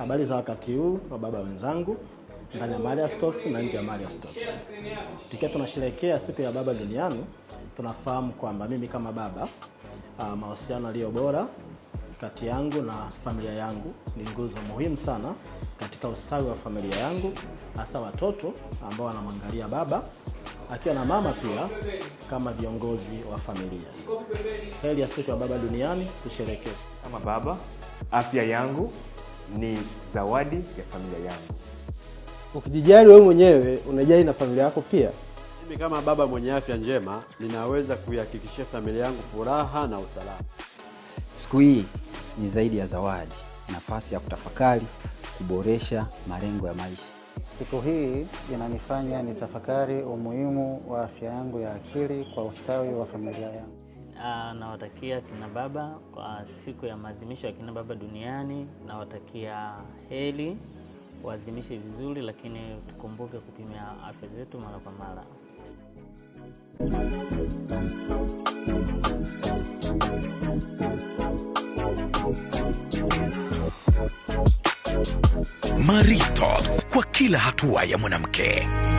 Habari za wakati huu wa baba wenzangu ndani ya Maria Stopes na nje ya Maria Stopes. Tukiwa tunasherehekea siku ya baba duniani, tunafahamu kwamba mimi kama baba uh, mahusiano yaliyo bora kati yangu na familia yangu ni nguzo muhimu sana katika ustawi wa familia yangu, hasa watoto ambao wanamwangalia baba akiwa na mama pia kama viongozi wa familia. heli ya siku ya baba duniani, tusherekee. Kama baba, afya yangu ni zawadi ya familia yangu. Ukijijali wewe mwenyewe unajali na familia yako pia. Mimi kama baba mwenye afya njema ninaweza kuihakikishia familia yangu furaha na usalama. Siku hii ni zaidi ya zawadi, nafasi ya kutafakari, kuboresha malengo ya maisha. Siku hii inanifanya nitafakari umuhimu wa afya yangu ya akili kwa ustawi wa familia yangu. Ah, nawatakia kina baba kwa siku ya maadhimisho ya kina baba duniani, nawatakia heli waadhimishe vizuri, lakini tukumbuke kupimia afya zetu mara kwa mara. maristops kwa kila hatua ya mwanamke.